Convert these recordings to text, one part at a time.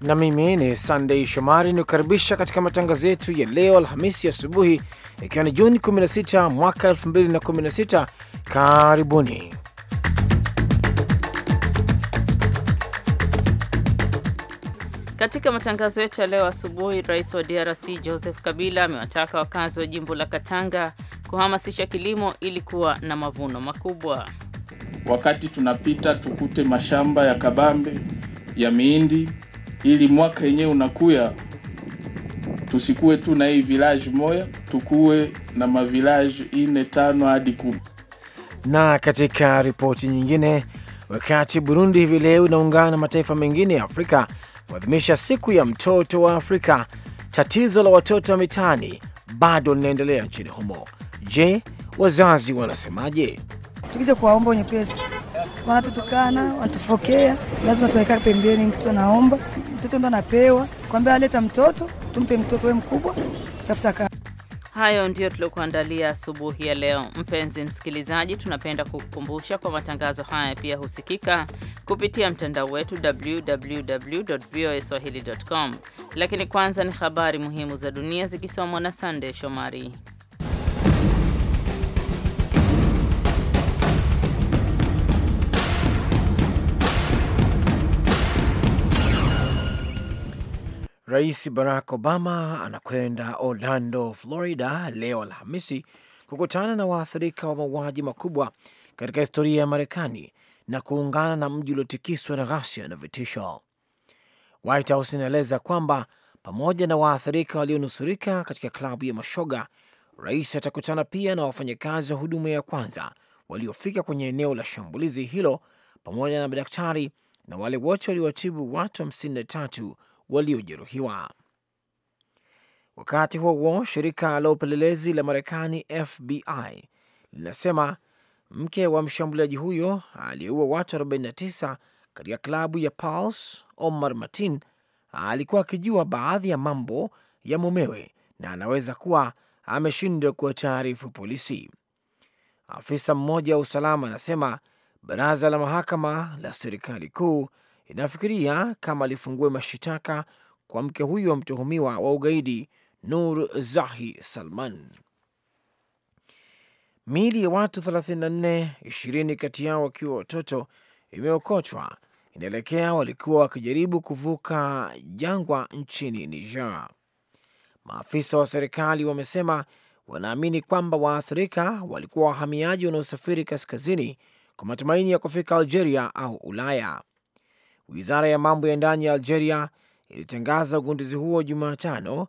na mimi ni sandey Shomari nikukaribisha katika matangazo yetu ya leo Alhamisi asubuhi, ikiwa ni Juni 16 mwaka 2016. Karibuni katika matangazo yetu ya leo asubuhi. Rais wa DRC Joseph Kabila amewataka wakazi wa jimbo la Katanga kuhamasisha kilimo ili kuwa na mavuno makubwa. Wakati tunapita tukute mashamba ya kabambe ya miindi ili mwaka yenyewe unakuya tusikuwe tu na hii village moya, tukuwe na mavilaji ine tano hadi kumi. Na katika ripoti nyingine, wakati Burundi hivi leo inaungana na mataifa mengine ya Afrika kuadhimisha siku ya mtoto wa Afrika, tatizo la watoto wa mitaani bado linaendelea nchini humo. Je, wazazi wanasemaje? Tukija kuwaomba wenye pesa wanatutukana, wanatufokea, lazima tuweka pembeni. Mtu anaomba mtoto ndo anapewa, kwambia aleta mtoto, tumpe mtoto, we mkubwa tafuta kazi. Hayo ndiyo tuliokuandalia asubuhi ya leo. Mpenzi msikilizaji, tunapenda kukukumbusha kwa matangazo haya pia husikika kupitia mtandao wetu www.voaswahili.com. Lakini kwanza ni habari muhimu za dunia zikisomwa na sandey Shomari. Rais Barack Obama anakwenda Orlando, Florida leo Alhamisi kukutana na waathirika wa mauaji makubwa katika historia ya Marekani na kuungana na mji uliotikiswa na ghasia na vitisho. White House inaeleza kwamba pamoja na waathirika walionusurika katika klabu ya mashoga, rais atakutana pia na wafanyakazi wa huduma ya kwanza waliofika kwenye eneo la shambulizi hilo pamoja na madaktari na wale wote waliwatibu watu 53 waliojeruhiwa. Wakati huo huo, shirika la upelelezi la Marekani FBI linasema mke wa mshambuliaji huyo aliyeua watu 49 katika klabu ya Pulse, Omar Martin, alikuwa akijua baadhi ya mambo ya mumewe na anaweza kuwa ameshindwa kuwa taarifu polisi. Afisa mmoja wa usalama anasema baraza la mahakama la serikali kuu inafikiria kama alifungue mashitaka kwa mke huyo wa mtuhumiwa wa ugaidi Nur Zahi Salman. Miili ya watu 34, ishirini kati yao wakiwa watoto, imeokotwa inaelekea walikuwa wakijaribu kuvuka jangwa nchini Niger. Maafisa wa serikali wamesema wanaamini kwamba waathirika walikuwa wahamiaji wanaosafiri kaskazini kwa matumaini ya kufika Algeria au Ulaya. Wizara ya mambo ya ndani ya Algeria ilitangaza ugunduzi huo Jumatano.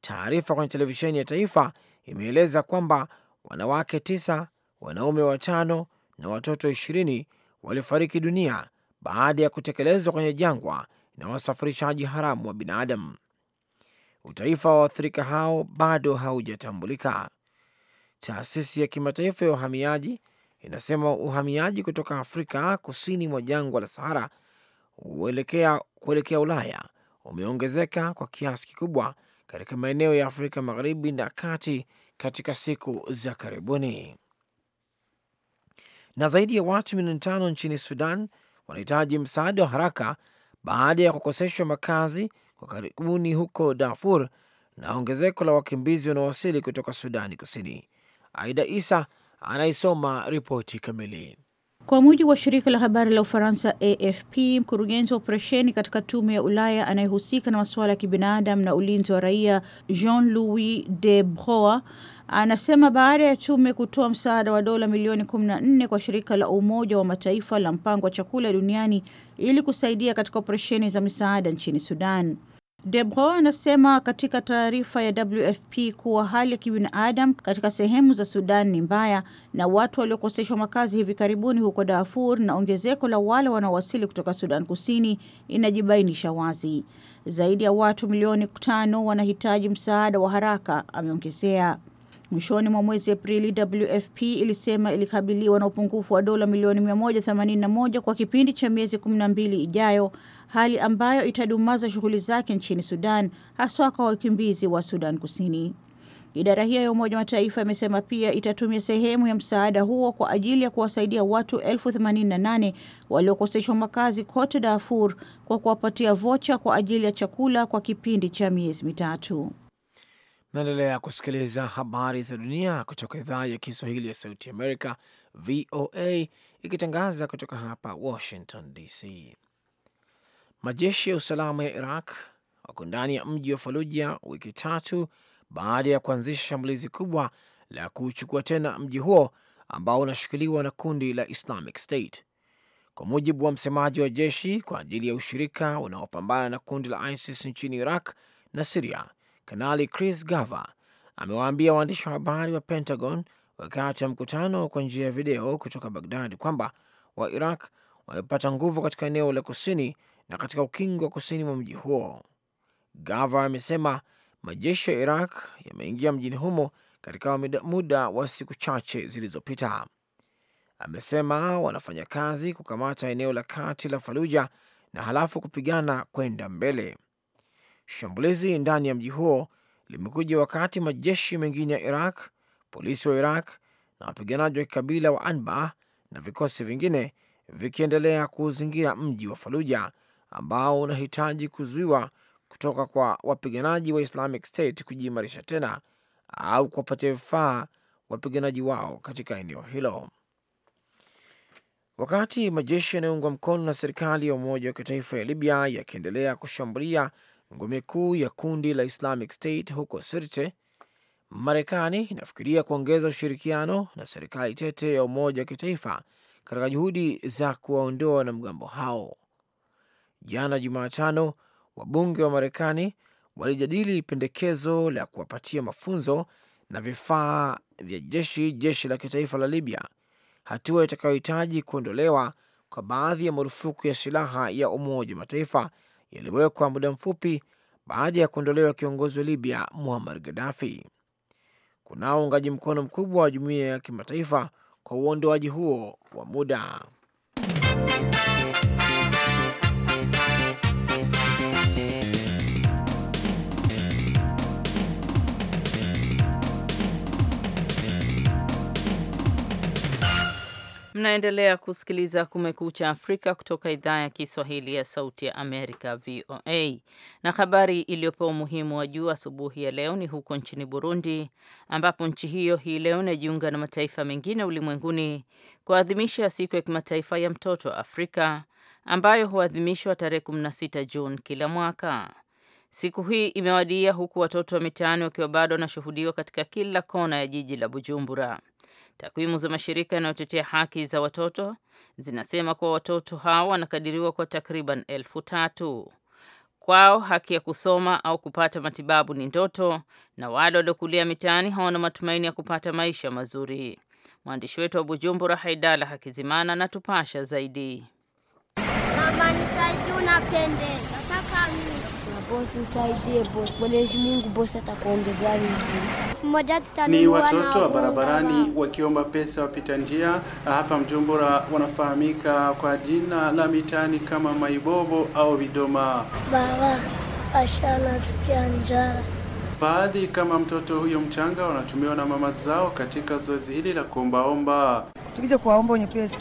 Taarifa kwenye televisheni ya taifa imeeleza kwamba wanawake tisa, wanaume watano na watoto ishirini walifariki dunia baada ya kutekelezwa kwenye jangwa na wasafirishaji haramu wa binadamu. Utaifa wa waathirika hao bado haujatambulika. Taasisi ya kimataifa ya uhamiaji inasema uhamiaji kutoka Afrika kusini mwa jangwa la Sahara kuelekea, kuelekea Ulaya umeongezeka kwa kiasi kikubwa katika maeneo ya Afrika magharibi na kati katika siku za karibuni. Na zaidi ya watu milioni tano nchini Sudan wanahitaji msaada wa haraka baada ya kukoseshwa makazi kwa karibuni huko Darfur na ongezeko la wakimbizi wanaowasili kutoka Sudani Kusini. Aida Isa anaisoma ripoti kamili. Kwa mujibu wa shirika la habari la Ufaransa AFP, mkurugenzi wa operesheni katika tume ya Ulaya anayehusika na masuala ya kibinadamu na ulinzi wa raia Jean-Louis de Broa anasema baada ya tume kutoa msaada wa dola milioni 14 kwa shirika la Umoja wa Mataifa la mpango wa chakula duniani ili kusaidia katika operesheni za misaada nchini Sudan. Debro anasema katika taarifa ya WFP kuwa hali ya kibinadamu katika sehemu za Sudan ni mbaya na watu waliokoseshwa makazi hivi karibuni huko Darfur na ongezeko la wale wanaowasili kutoka Sudan Kusini inajibainisha wazi. Zaidi ya watu milioni tano wanahitaji msaada wa haraka, ameongezea. Mwishoni mwa mwezi Aprili, WFP ilisema ilikabiliwa na upungufu wa dola milioni 181 kwa kipindi cha miezi 12 ijayo hali ambayo itadumaza shughuli zake nchini Sudan, haswa kwa wakimbizi wa Sudan Kusini. Idara hiyo ya Umoja wa Mataifa imesema pia itatumia sehemu ya msaada huo kwa ajili ya kuwasaidia watu elfu themanini na nane waliokoseshwa makazi kote Darfur kwa kuwapatia vocha kwa ajili ya chakula kwa kipindi cha miezi mitatu. Naendelea kusikiliza habari za dunia kutoka idhaa ya Kiswahili ya Sauti Amerika, VOA, ikitangaza kutoka hapa Washington DC. Majeshi ya usalama ya Iraq wako ndani ya mji wa Faluja wiki tatu baada ya kuanzisha shambulizi kubwa la kuuchukua tena mji huo ambao unashikiliwa na kundi la Islamic State, kwa mujibu wa msemaji wa jeshi kwa ajili ya ushirika unaopambana na kundi la ISIS nchini Iraq na Siria. Kanali Chris Gava amewaambia waandishi wa habari wa Pentagon wakati wa mkutano kwa njia ya video kutoka Bagdad kwamba wa iraq wamepata nguvu katika eneo la kusini na katika ukingo wa kusini mwa mji huo. Gava amesema majeshi ya Iraq yameingia mjini humo katika muda wa siku chache zilizopita. Amesema wanafanya kazi kukamata eneo la kati la Faluja na halafu kupigana kwenda mbele. Shambulizi ndani ya mji huo limekuja wakati majeshi mengine ya Iraq, polisi wa Iraq na wapiganaji wa kikabila wa Anbar na vikosi vingine vikiendelea kuuzingira mji wa Faluja ambao unahitaji kuzuiwa kutoka kwa wapiganaji wa Islamic State kujiimarisha tena au kuwapatia vifaa wapiganaji wao katika eneo hilo. Wakati majeshi yanayoungwa mkono na serikali ya Umoja wa Kitaifa ya Libya yakiendelea kushambulia ngome kuu ya kundi la Islamic State huko Sirte, Marekani inafikiria kuongeza ushirikiano na serikali tete ya Umoja wa Kitaifa katika juhudi za kuwaondoa wanamgambo hao. Jana Jumatano, wabunge wa Marekani walijadili pendekezo la kuwapatia mafunzo na vifaa vya jeshi jeshi la kitaifa la Libya, hatua itakayohitaji kuondolewa kwa baadhi ya marufuku ya silaha ya Umoja wa Mataifa yaliyowekwa muda mfupi baada ya kuondolewa kiongozi wa Libya Muammar Gaddafi. Kunao uungaji mkono mkubwa wa jumuiya ya kimataifa kwa uondoaji huo wa muda. Mnaendelea kusikiliza Kumekucha Afrika kutoka idhaa ya Kiswahili ya Sauti ya Amerika, VOA. Na habari iliyopewa umuhimu wa juu asubuhi ya leo ni huko nchini Burundi, ambapo nchi hiyo hii leo inajiunga na mataifa mengine ulimwenguni kuadhimisha siku ya kimataifa ya mtoto wa Afrika ambayo huadhimishwa tarehe 16 Juni kila mwaka. Siku hii imewadia huku watoto wa mitaani wakiwa bado wanashuhudiwa katika kila kona ya jiji la Bujumbura. Takwimu za mashirika yanayotetea haki za watoto zinasema kuwa watoto hao wanakadiriwa kwa takriban elfu tatu. Kwao haki ya kusoma au kupata matibabu ni ndoto, na wale waliokulia mitaani hawana matumaini ya kupata maisha mazuri. Mwandishi wetu wa Bujumbura, Haidala Hakizimana, anatupasha zaidi. Mama nisaidie, unapendeza tusaidie bos. Mwenyezi Mungu bos atakuongezea wingi. Ni watoto wa barabarani wakiomba pesa wapita njia. Hapa Mjumbura wanafahamika kwa jina la mitaani kama maibobo au vidoma. Baba ashanasikia njara. Baadhi kama mtoto huyo mchanga wanatumiwa na mama zao katika zoezi hili la kuombaomba. Tukija kuwaomba wenye pesa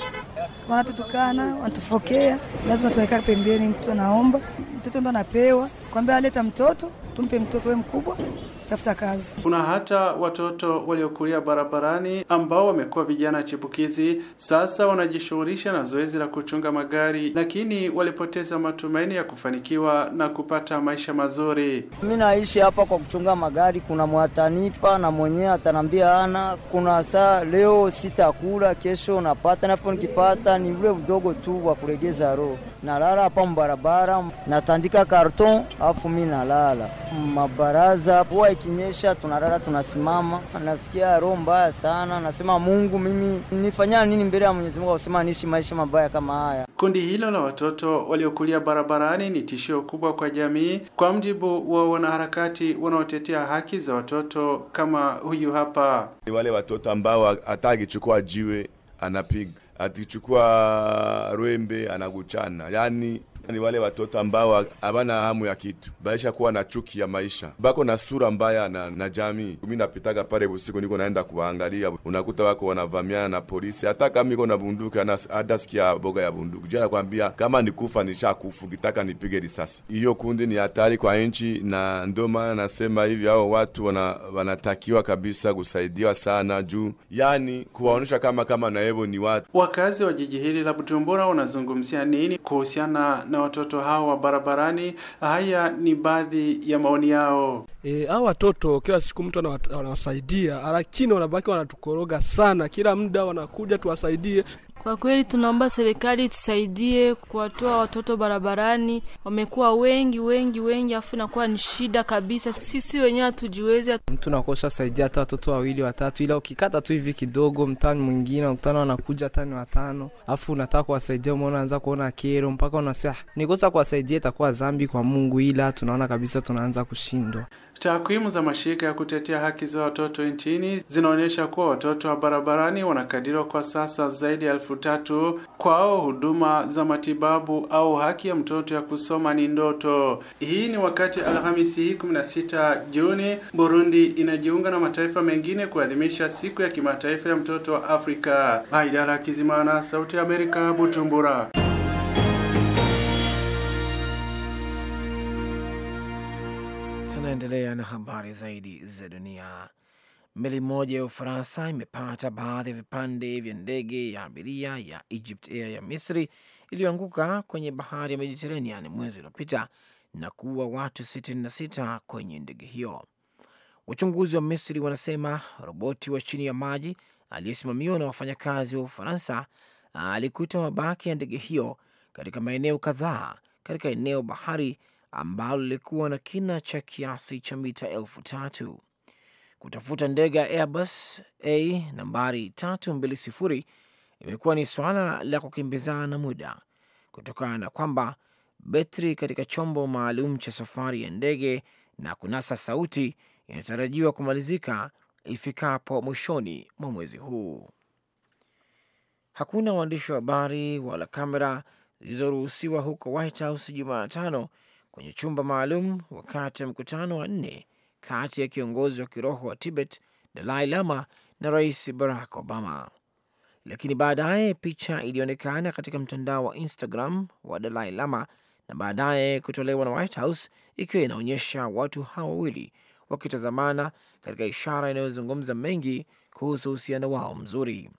wanatutukana, wanatufokea, lazima tuwekaa pembeni, mtu anaomba mtoto ndo anapewa, kwambia aleta mtoto tumpe mtoto, we mkubwa kutafuta kazi. Kuna hata watoto waliokulia barabarani ambao wamekuwa vijana chipukizi, sasa wanajishughulisha na zoezi la kuchunga magari, lakini walipoteza matumaini ya kufanikiwa na kupata maisha mazuri. Mimi naishi hapa kwa kuchunga magari, kuna mwatanipa na mwenyewe atanambia ana, kuna saa leo sitakula, kesho napata, napo nikipata ni ule udogo tu wa kuregeza roho. Nalala hapa mbarabara, natandika karton, afu mi nalala mabaraza kinyesha tunalala tunasimama. Nasikia roho mbaya sana, nasema Mungu, mimi nifanya nini mbele ya Mwenyezi Mungu akusema niishi maisha mabaya kama haya? Kundi hilo la watoto waliokulia barabarani ni tishio kubwa kwa jamii, kwa mjibu wa wanaharakati wanaotetea haki za watoto kama huyu hapa. Ni wale watoto ambao hata akichukua jiwe anapiga, akichukua rwembe anaguchana, yani ni wale watoto ambao habana hamu ya kitu, baisha kuwa na chuki ya maisha, bako na sura mbaya na, na jamii. Mimi napitaga pale usiku, niko naenda kuwaangalia, unakuta wako wanavamiana na polisi, hata kama iko na bunduki, hata sikia boga ya bunduki jana, nakwambia kama nikufa nishakufu, kitaka nipige risasi. Hiyo kundi ni hatari kwa nchi, na ndio maana nasema hivi, hao watu wana, wanatakiwa kabisa kusaidiwa sana juu, yani kuwaonyesha kama kama naevo ni watu. Wakazi wa jiji hili la Bujumbura wanazungumzia nini kuhusiana na watoto hao wa barabarani. Haya ni baadhi ya maoni yao. E, hao watoto kila siku mtu anawasaidia, lakini wanabaki wanatukoroga sana, kila muda wanakuja tuwasaidie, kwa kweli tunaomba serikali tusaidie kuwatoa watoto barabarani, wamekuwa wengi wengi wengi, afu inakuwa ni shida kabisa. Sisi wenyewe hatujiwezi, mtu nakosha saidia hata watoto wawili watatu, ila ukikata tu hivi kidogo, mtani mwingine ukutana anakuja tani watano, afu unataka kuwasaidia, umeona anza kuona kero, mpaka unasema ah, nikosa kuwasaidia itakuwa zambi kwa Mungu, ila tunaona kabisa tunaanza kushindwa. Takwimu za mashirika ya kutetea haki za watoto nchini zinaonyesha kuwa watoto wa barabarani wanakadiriwa kwa sasa zaidi ya elfu elfu tatu. Kwao huduma za matibabu au haki ya mtoto ya kusoma ni ndoto. Hii ni wakati Alhamisi hii 16 Juni Burundi inajiunga na mataifa mengine kuadhimisha siku ya kimataifa ya mtoto wa Afrika. Haidara Kizimana, Sauti ya Amerika, Bujumbura. Tunaendelea na habari zaidi za dunia. Meli moja ya Ufaransa imepata baadhi ya vipande vya ndege ya abiria ya Egypt Air ya Misri iliyoanguka kwenye bahari ya Mediterranean mwezi uliopita na kuua watu 66 kwenye ndege hiyo. Wachunguzi wa Misri wanasema roboti wa chini ya maji aliyesimamiwa na wafanyakazi wa Ufaransa alikuta mabaki ya ndege hiyo katika maeneo kadhaa katika eneo bahari ambalo lilikuwa na kina cha kiasi cha mita elfu tatu. Kutafuta ndege ya Airbus A nambari 320 imekuwa ni swala la kukimbizana na muda kutokana na kwamba betri katika chombo maalum cha safari ya ndege na kunasa sauti inatarajiwa kumalizika ifikapo mwishoni mwa mwezi huu. Hakuna waandishi wa habari wala kamera zilizoruhusiwa huko White House Jumatano kwenye chumba maalum wakati wa mkutano wa nne kati ya kiongozi wa kiroho wa Tibet Dalai Lama na Rais Barack Obama. Lakini baadaye picha ilionekana katika mtandao wa Instagram wa Dalai Lama na baadaye kutolewa na White House ikiwa inaonyesha watu hawa wawili wakitazamana katika ishara inayozungumza mengi kuhusu uhusiano wao mzuri.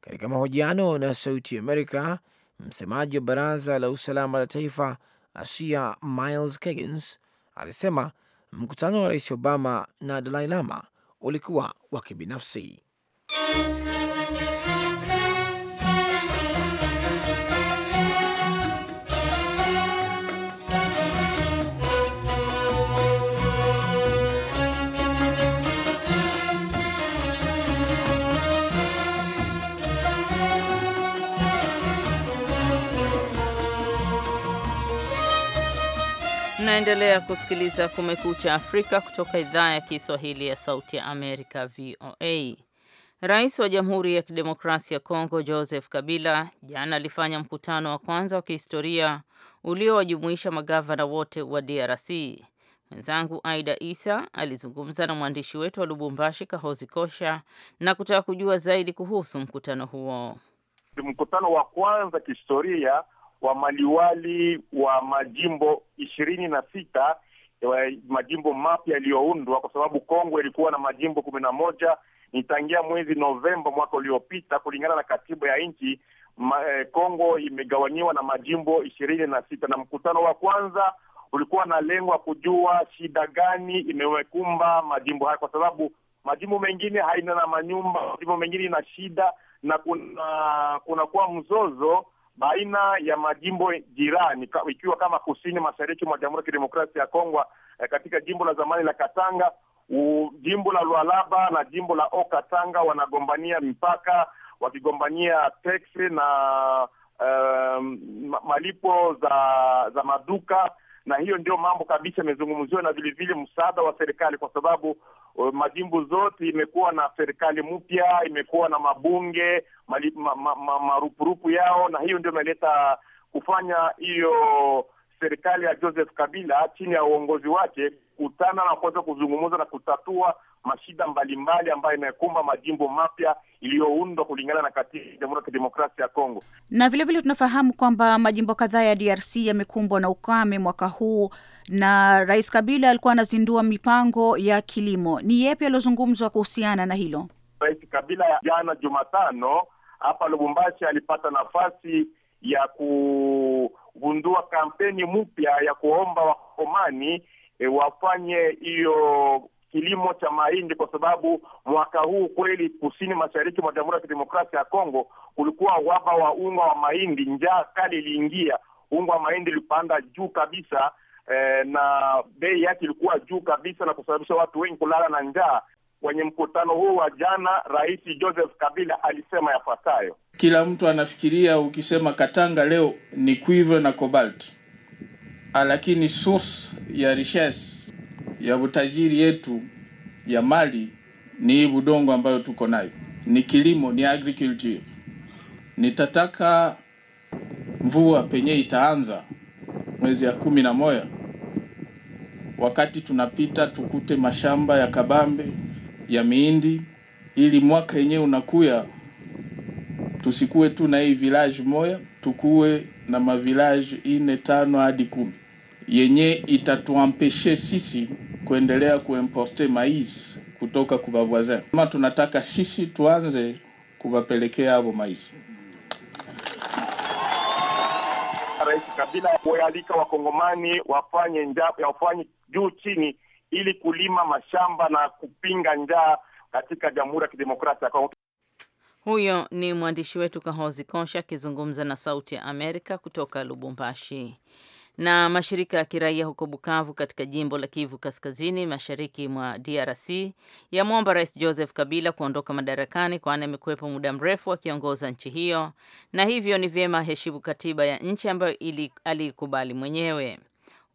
Katika mahojiano na Sauti Amerika, msemaji wa Baraza la Usalama la Taifa Asia Miles Kegins alisema mkutano wa Rais Obama na Dalai Lama ulikuwa wa kibinafsi. Mnaendelea kusikiliza Kumekucha Afrika kutoka idhaa ya Kiswahili ya Sauti ya Amerika, VOA. Rais wa Jamhuri ya Kidemokrasia ya Kongo Joseph Kabila jana alifanya mkutano wa kwanza wa kihistoria uliowajumuisha magavana wote wa DRC. Mwenzangu Aida Isa alizungumza na mwandishi wetu wa Lubumbashi Kahozi Kosha na kutaka kujua zaidi kuhusu mkutano huo. Mkutano wa kwanza kihistoria wa maliwali wa majimbo ishirini na sita majimbo mapya yaliyoundwa, kwa sababu Kongo ilikuwa na majimbo kumi na moja nitangia mwezi Novemba mwaka uliopita. Kulingana na katiba ya nchi eh, Kongo imegawanyiwa na majimbo ishirini na sita na mkutano wa kwanza ulikuwa na lengo ya kujua shida gani imewekumba majimbo haya, kwa sababu majimbo mengine haina na manyumba, majimbo mengine ina shida na kuna kunakuwa mzozo baina ya majimbo jirani ikiwa kama kusini mashariki mwa Jamhuri ya Kidemokrasia ya Kongo eh, katika jimbo la zamani la Katanga u, jimbo la Lualaba na jimbo la O Katanga wanagombania mipaka wakigombania teksi na um, malipo za za maduka na hiyo ndio mambo kabisa imezungumziwa, na vilevile msaada wa serikali, kwa sababu uh, majimbo zote imekuwa na serikali mpya, imekuwa na mabunge marupurupu ma, ma, ma, yao, na hiyo ndio imeleta kufanya hiyo serikali ya Joseph Kabila chini ya uongozi wake kutana na kuweza kuzungumza na kutatua mashida mbalimbali ambayo inakumba majimbo mapya iliyoundwa kulingana na katiba ya Jamhuri ya Kidemokrasia ya Kongo. Na vilevile vile tunafahamu kwamba majimbo kadhaa ya DRC yamekumbwa na ukame mwaka huu, na Rais Kabila alikuwa anazindua mipango ya kilimo. Ni yepi yaliyozungumzwa kuhusiana na hilo? Rais Kabila jana Jumatano hapa Lubumbashi alipata nafasi ya ku kugundua kampeni mpya ya kuomba wakomani e, wafanye hiyo kilimo cha mahindi kwa sababu mwaka huu kweli kusini mashariki mwa Jamhuri ya Kidemokrasia ya Kongo kulikuwa uhaba wa unga wa mahindi, njaa kali iliingia, unga wa mahindi ilipanda juu kabisa eh, na bei yake ilikuwa juu kabisa na kusababisha watu wengi kulala na njaa. Kwenye mkutano huu wa jana, Rais Joseph Kabila alisema yafuatayo: kila mtu anafikiria ukisema Katanga leo ni cuivre na cobalt, ah, lakini source ya richesse ya utajiri yetu ya mali ni hii budongo ambayo tuko nayo, ni kilimo, ni agriculture. Nitataka mvua penye itaanza mwezi ya kumi na moja, wakati tunapita tukute mashamba ya kabambe ya miindi, ili mwaka yenyewe unakuya tusikuwe tu na hii village moya, tukuwe na mavilaji ine tano hadi kumi yenye itatuampeshe sisi kuendelea kuimporte mais kutoka kuba voisin. Kama tunataka sisi tuanze kubapelekea avo mais Rais Kabila kualika wakongomani wafanye njapo wafanye juu chini ili kulima mashamba na kupinga njaa katika Jamhuri ya Kidemokrasia ya Kongo. Huyo ni mwandishi wetu Kahozi Kosha akizungumza na Sauti ya Amerika kutoka Lubumbashi. Na mashirika ya kiraia huko Bukavu katika jimbo la Kivu Kaskazini mashariki mwa DRC yamwomba Rais Joseph Kabila kuondoka madarakani, kwani amekuwepo muda mrefu akiongoza nchi hiyo, na hivyo ni vyema aheshimu katiba ya nchi ambayo aliikubali mwenyewe.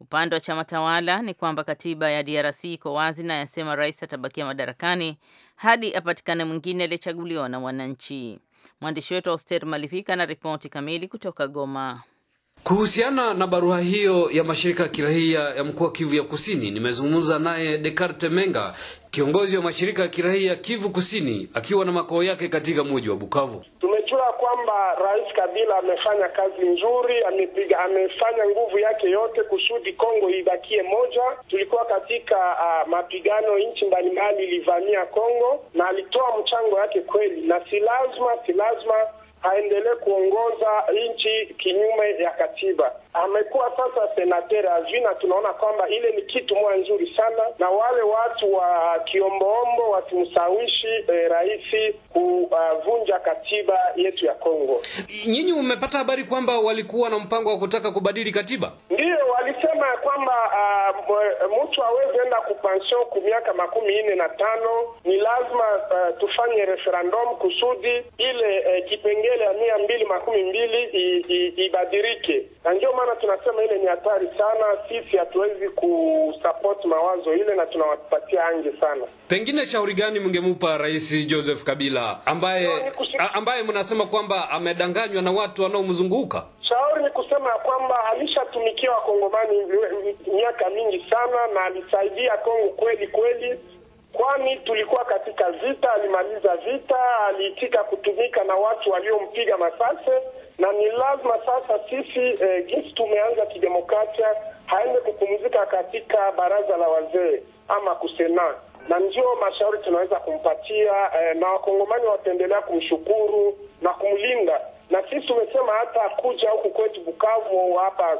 Upande wa chama tawala ni kwamba katiba ya DRC iko wazi na yasema rais atabakia madarakani hadi apatikane mwingine aliyechaguliwa na wananchi. Mwandishi wetu Oster Malivika na ripoti kamili kutoka Goma. Kuhusiana na barua hiyo ya mashirika ya kiraia ya mkoa Kivu ya Kusini, nimezungumza naye Descartes Menga, kiongozi wa mashirika ya kiraia Kivu Kusini, akiwa na makao yake katika mji wa Bukavu kwamba Rais Kabila amefanya kazi nzuri, amepiga, amefanya nguvu yake yote kusudi Kongo ibakie moja. Tulikuwa katika uh, mapigano, nchi mbalimbali ilivamia Kongo na alitoa mchango yake kweli, na si lazima si lazima aendelee kuongoza nchi kinyume ya katiba. Amekuwa sasa senateri azina tunaona kwamba ile ni kitu moya nzuri sana, na wale watu wa kiomboombo watumsawishi eh, rais kuvunja uh, katiba yetu ya Kongo. Nyinyi mmepata habari kwamba walikuwa na mpango wa kutaka kubadili katiba? Ndiyo, walisema kusema ya kwamba uh, mtu awezi enda kupension ku miaka makumi nne na tano ni lazima uh, tufanye referendum kusudi ile uh, kipengele ya mia mbili makumi mbili ibadirike na ndio maana tunasema ile ni hatari sana. Sisi hatuwezi kusupport mawazo ile na tunawapatia ange sana. Pengine shauri gani mngemupa Rais Joseph Kabila ambaye ambaye mnasema kwamba amedanganywa na watu wanaomzunguka? kusema ya kwamba alishatumikia wakongomani miaka mingi sana na alisaidia Kongo kweli kweli, kwani tulikuwa katika vita, alimaliza vita, aliitika kutumika na watu waliompiga masase, na ni lazima sasa sisi eh, jinsi tumeanza kidemokrasia, haende kupumzika katika baraza la wazee ama kusena na ndio mashauri tunaweza kumpatia eh, na wakongomani wataendelea kumshukuru na kumlinda na sisi tumesema hata kuja huku kwetu Bukavu hapa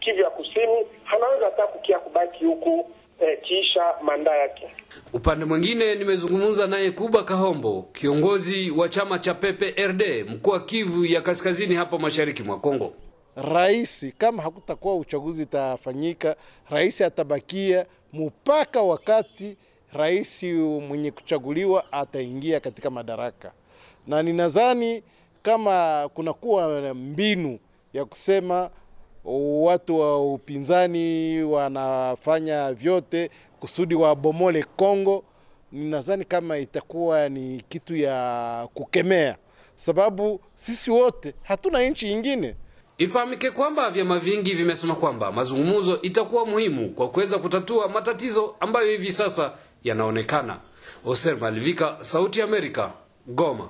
Kivu ya Kusini hanaweza hata kukia kubaki huku eh, kiisha manda yake. Upande mwingine nimezungumza naye Kuba Kahombo, kiongozi wa chama cha PPRD wa Kivu ya Kaskazini hapa mashariki mwa Kongo. Rais kama hakutakuwa uchaguzi itafanyika, rais atabakia mpaka wakati rais mwenye kuchaguliwa ataingia katika madaraka, na ninadhani kama kunakuwa mbinu ya kusema watu wa upinzani wanafanya vyote kusudi wabomole Kongo, ninadhani kama itakuwa ni kitu ya kukemea, sababu sisi wote hatuna nchi ingine. Ifahamike kwamba vyama vingi vimesema kwamba mazungumzo itakuwa muhimu kwa kuweza kutatua matatizo ambayo hivi sasa yanaonekana. Oser Malivika, Sauti ya Amerika, Goma.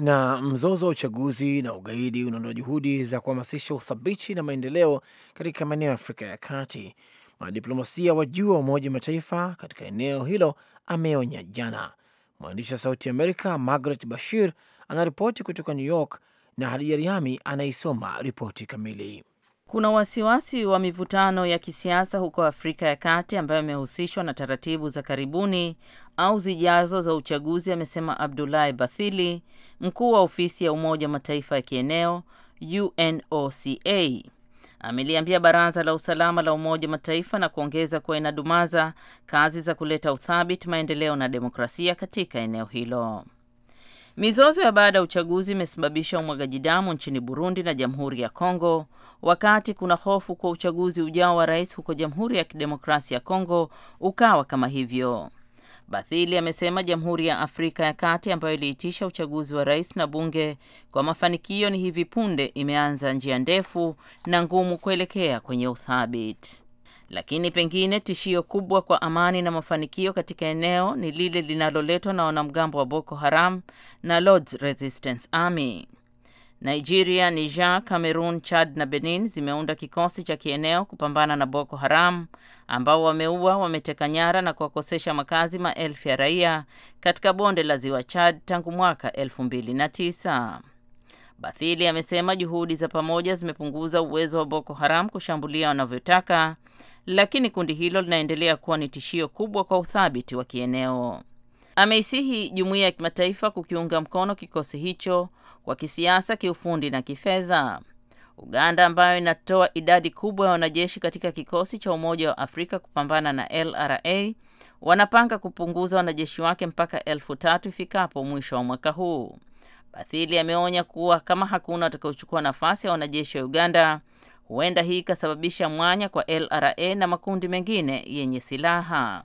Na mzozo wa uchaguzi na ugaidi unaondoa juhudi za kuhamasisha uthabiti na maendeleo katika maeneo ya Afrika ya Kati, mwanadiplomasia wa juu wa Umoja wa Mataifa katika eneo hilo ameonya jana. Mwandishi wa Sauti Amerika Margaret Bashir anaripoti kutoka New York na Hadija Riami anaisoma ripoti kamili. Kuna wasiwasi wa mivutano ya kisiasa huko Afrika ya Kati ambayo imehusishwa na taratibu za karibuni au zijazo za uchaguzi, amesema Abdulahi Bathili, mkuu wa ofisi ya Umoja wa Mataifa ya kieneo UNOCA. Ameliambia Baraza la Usalama la Umoja wa Mataifa na kuongeza kuwa inadumaza kazi za kuleta uthabiti, maendeleo na demokrasia katika eneo hilo. Mizozo ya baada ya uchaguzi imesababisha umwagaji damu nchini Burundi na Jamhuri ya Kongo wakati kuna hofu kwa uchaguzi ujao wa rais huko Jamhuri ya Kidemokrasia ya Kongo ukawa kama hivyo. Bathili amesema Jamhuri ya Afrika ya Kati ambayo iliitisha uchaguzi wa rais na bunge kwa mafanikio ni hivi punde imeanza njia ndefu na ngumu kuelekea kwenye uthabiti. Lakini pengine tishio kubwa kwa amani na mafanikio katika eneo ni lile linaloletwa na wanamgambo wa Boko Haram na Lord's Resistance Army. Nigeria, Niger, Cameroon, Chad na Benin zimeunda kikosi cha kieneo kupambana na Boko Haram ambao wameua, wameteka nyara na kuwakosesha makazi maelfu ya raia katika bonde la Ziwa Chad tangu mwaka 2009. Bathili amesema juhudi za pamoja zimepunguza uwezo wa Boko Haram kushambulia wanavyotaka, lakini kundi hilo linaendelea kuwa ni tishio kubwa kwa uthabiti wa kieneo. Ameisihi jumuiya ya kimataifa kukiunga mkono kikosi hicho kwa kisiasa, kiufundi na kifedha. Uganda ambayo inatoa idadi kubwa ya wanajeshi katika kikosi cha Umoja wa Afrika kupambana na LRA wanapanga kupunguza wanajeshi wake mpaka elfu tatu ifikapo mwisho wa mwaka huu. Bathili ameonya kuwa kama hakuna watakaochukua nafasi ya wanajeshi wa Uganda, huenda hii ikasababisha mwanya kwa LRA na makundi mengine yenye silaha.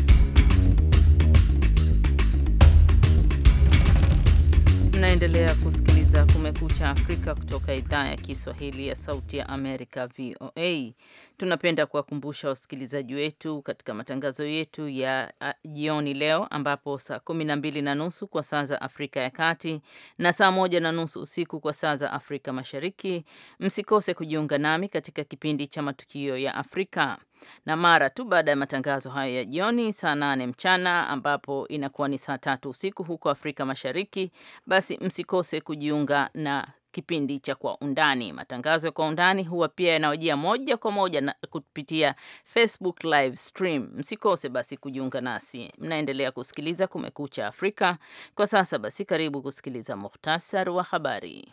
Mnaendelea kusikiliza Kumekucha Afrika kutoka idhaa ya Kiswahili ya Sauti ya Amerika, VOA. Tunapenda kuwakumbusha wasikilizaji wetu katika matangazo yetu ya jioni leo, ambapo saa kumi na mbili na nusu kwa saa za Afrika ya Kati na saa moja na nusu usiku kwa saa za Afrika Mashariki, msikose kujiunga nami katika kipindi cha Matukio ya Afrika na mara tu baada ya matangazo hayo ya jioni saa nane mchana ambapo inakuwa ni saa tatu usiku huko Afrika Mashariki, basi msikose kujiunga na kipindi cha Kwa Undani. Matangazo ya Kwa Undani huwa pia yanaojia moja kwa moja na kupitia Facebook live stream. Msikose basi kujiunga nasi. Mnaendelea kusikiliza Kumekucha Afrika. Kwa sasa basi, karibu kusikiliza muhtasari wa habari.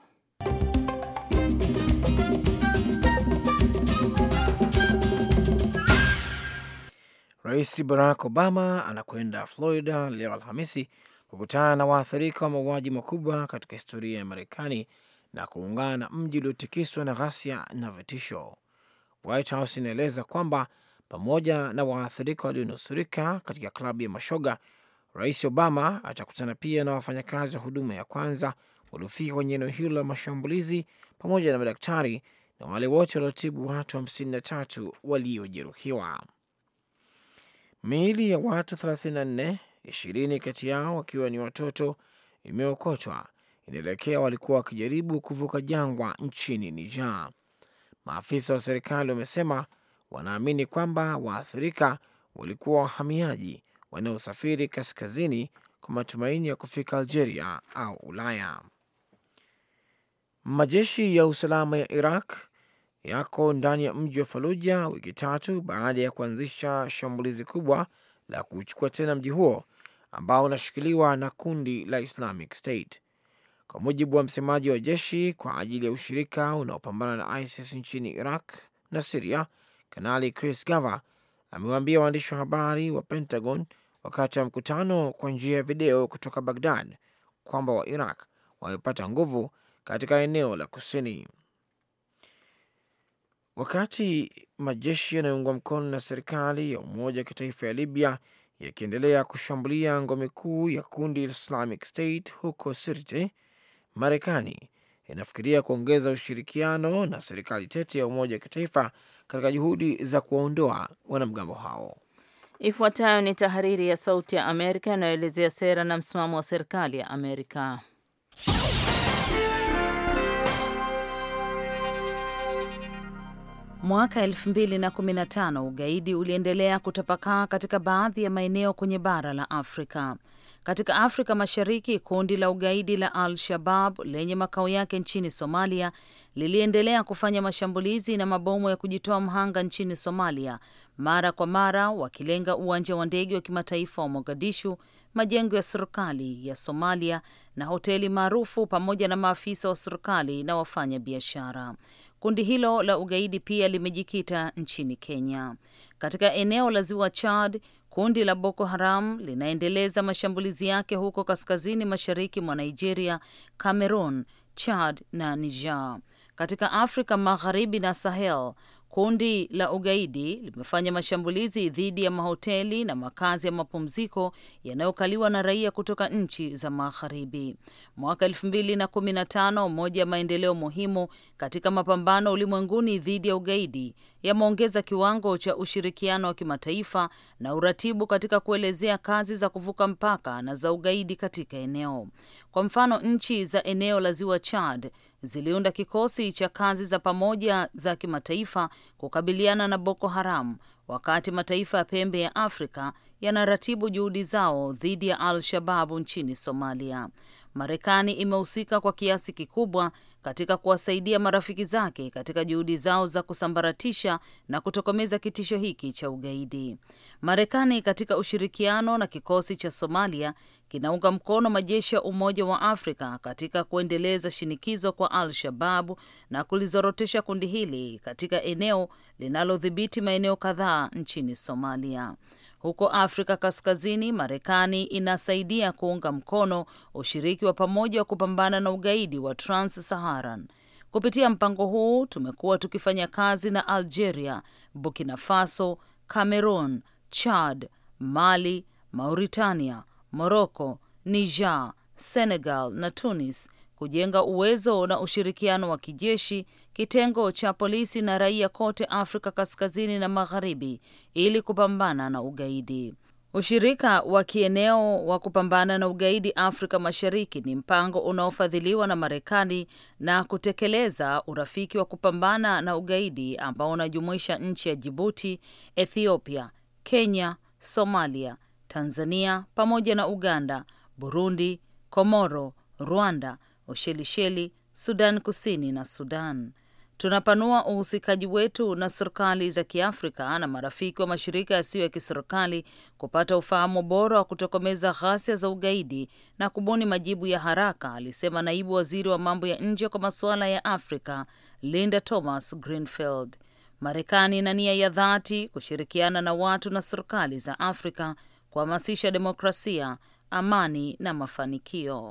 Rais Barack Obama anakwenda Florida leo Alhamisi kukutana na waathirika wa mauaji makubwa katika historia ya Marekani na kuungana na mji uliotikiswa na ghasia na vitisho. White House inaeleza kwamba pamoja na waathirika walionusurika katika klabu ya mashoga, Rais Obama atakutana pia na wafanyakazi wa huduma ya kwanza waliofika kwenye eneo hilo la mashambulizi pamoja na madaktari na wale wote waliotibu watu 53 waliojeruhiwa. Miili ya watu 34, ishirini kati yao wakiwa ni watoto, imeokotwa inaelekea walikuwa wakijaribu kuvuka jangwa nchini Niger. Maafisa wa serikali wamesema wanaamini kwamba waathirika walikuwa wahamiaji wanaosafiri kaskazini kwa matumaini ya kufika Algeria au Ulaya. Majeshi ya usalama ya Iraq yako ndani ya mji wa Faluja wiki tatu baada ya kuanzisha shambulizi kubwa la kuchukua tena mji huo ambao unashikiliwa na kundi la Islamic State. Kwa mujibu wa msemaji wa jeshi kwa ajili ya ushirika unaopambana na ISIS nchini Iraq na Siria, Kanali Chris Gava amewaambia waandishi wa habari wa Pentagon wakati wa mkutano kwa njia ya video kutoka Bagdad kwamba wa Iraq wamepata nguvu katika eneo la kusini. Wakati majeshi yanayoungwa mkono na serikali ya umoja wa kitaifa ya Libya yakiendelea kushambulia ngome kuu ya kundi la Islamic State huko Sirte, Marekani inafikiria kuongeza ushirikiano na serikali tete ya umoja wa kitaifa katika juhudi za kuwaondoa wanamgambo hao. Ifuatayo ni tahariri ya Sauti ya Amerika inayoelezea sera na msimamo wa serikali ya Amerika. Mwaka 2015 ugaidi uliendelea kutapakaa katika baadhi ya maeneo kwenye bara la Afrika. Katika Afrika Mashariki, kundi la ugaidi la Al-Shabab lenye makao yake nchini Somalia liliendelea kufanya mashambulizi na mabomu ya kujitoa mhanga nchini Somalia mara kwa mara, wakilenga uwanja wa ndege wa kimataifa wa Mogadishu, majengo ya serikali ya Somalia na hoteli maarufu, pamoja na maafisa wa serikali na wafanya biashara. Kundi hilo la ugaidi pia limejikita nchini Kenya. Katika eneo la ziwa Chad, kundi la Boko Haram linaendeleza mashambulizi yake huko kaskazini mashariki mwa Nigeria, Cameroon, Chad na Niger. Katika Afrika Magharibi na Sahel, Kundi la ugaidi limefanya mashambulizi dhidi ya mahoteli na makazi ya mapumziko yanayokaliwa na raia kutoka nchi za magharibi. Mwaka elfu mbili na kumi na tano, moja ya maendeleo muhimu katika mapambano ulimwenguni dhidi ya ugaidi yameongeza kiwango cha ushirikiano wa kimataifa na uratibu katika kuelezea kazi za kuvuka mpaka na za ugaidi katika eneo. Kwa mfano, nchi za eneo la Ziwa Chad ziliunda kikosi cha kazi za pamoja za kimataifa kukabiliana na Boko Haram, wakati mataifa ya pembe ya Afrika yanaratibu juhudi zao dhidi ya Al-Shababu nchini Somalia. Marekani imehusika kwa kiasi kikubwa katika kuwasaidia marafiki zake katika juhudi zao za kusambaratisha na kutokomeza kitisho hiki cha ugaidi. Marekani katika ushirikiano na kikosi cha Somalia kinaunga mkono majeshi ya Umoja wa Afrika katika kuendeleza shinikizo kwa Al-Shababu na kulizorotesha kundi hili katika eneo linalodhibiti maeneo kadhaa nchini Somalia. Huko Afrika Kaskazini, Marekani inasaidia kuunga mkono ushiriki wa pamoja wa kupambana na ugaidi wa Trans Saharan. Kupitia mpango huu tumekuwa tukifanya kazi na Algeria, Burkina Faso, Cameroon, Chad, Mali, Mauritania, Moroko, Niger, Senegal na Tunis kujenga uwezo na ushirikiano wa kijeshi, kitengo cha polisi na raia kote Afrika Kaskazini na Magharibi ili kupambana na ugaidi. Ushirika wa kieneo wa kupambana na ugaidi Afrika Mashariki ni mpango unaofadhiliwa na Marekani na kutekeleza urafiki wa kupambana na ugaidi ambao unajumuisha nchi ya Jibuti, Ethiopia, Kenya, Somalia, Tanzania pamoja na Uganda, Burundi, Komoro, Rwanda Ushelisheli, Sudan Kusini na Sudan. Tunapanua uhusikaji wetu na serikali za Kiafrika na marafiki wa mashirika yasiyo ya kiserikali kupata ufahamu bora wa kutokomeza ghasia za ugaidi na kubuni majibu ya haraka, alisema naibu waziri wa mambo ya nje kwa masuala ya Afrika Linda Thomas Greenfield. Marekani ina nia ya dhati kushirikiana na watu na serikali za Afrika kuhamasisha demokrasia, amani na mafanikio.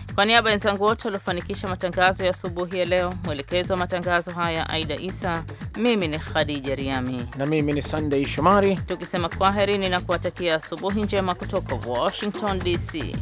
Kwa niaba ya wenzangu wote waliofanikisha matangazo ya asubuhi ya leo, mwelekezi wa matangazo haya Aida Isa, mimi ni Khadija Riami na mimi ni sandey Shomari, tukisema kwaherini na kuwatakia asubuhi njema kutoka Washington DC.